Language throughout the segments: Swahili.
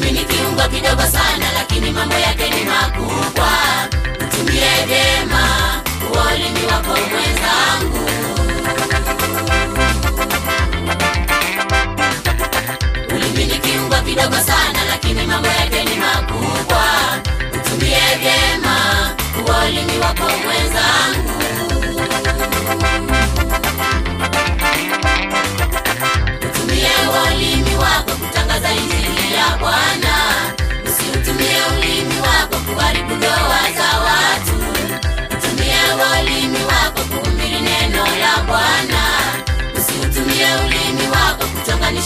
Mimi ni kiungo kidogo sana, lakini mambo yake ni makubwa. Mtumie vyema uolimi wako mwenzangu.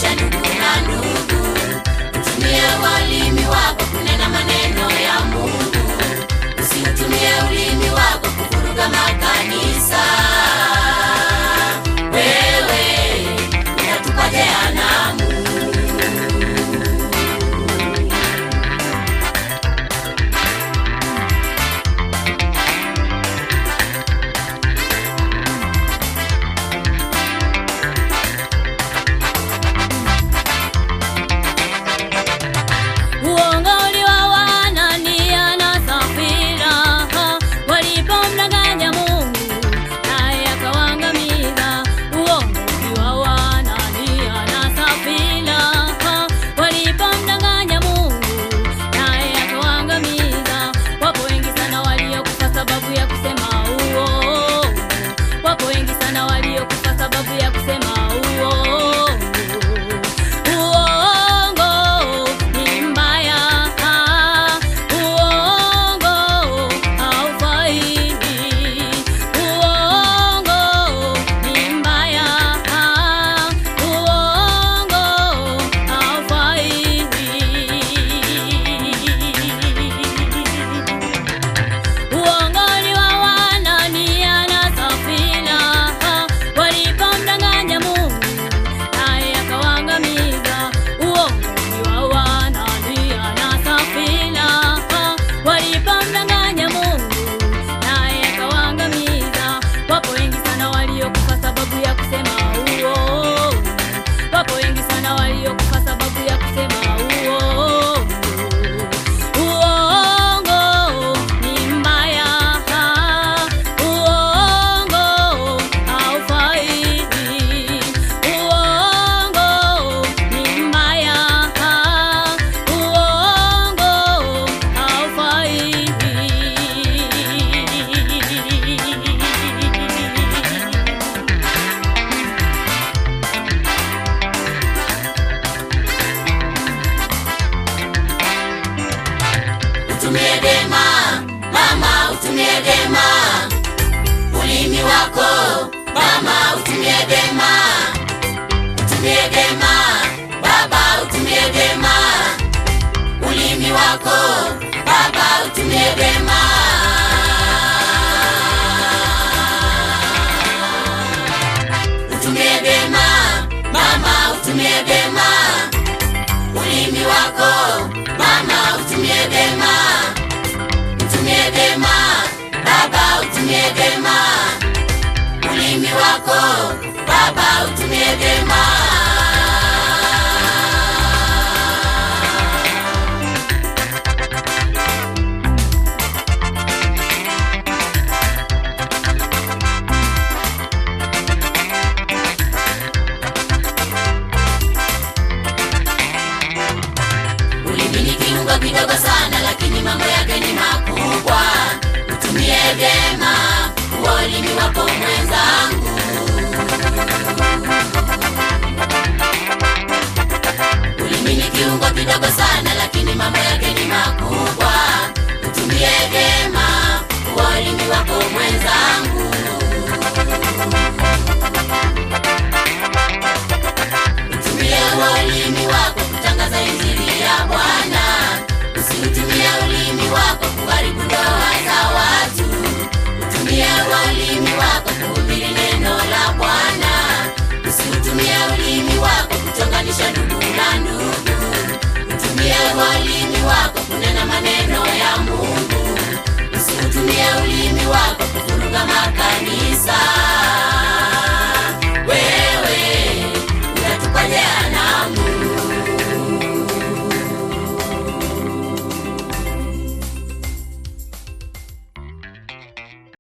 Revolution. 周りをくささばく約千 Popoengue nieve. wako Baba, utumie vyema. kidogo sana, lakini yake ni makubwa. Utumie vyema uwo ulimi wako mwenzangu. kuwa kwa kuvuruga makani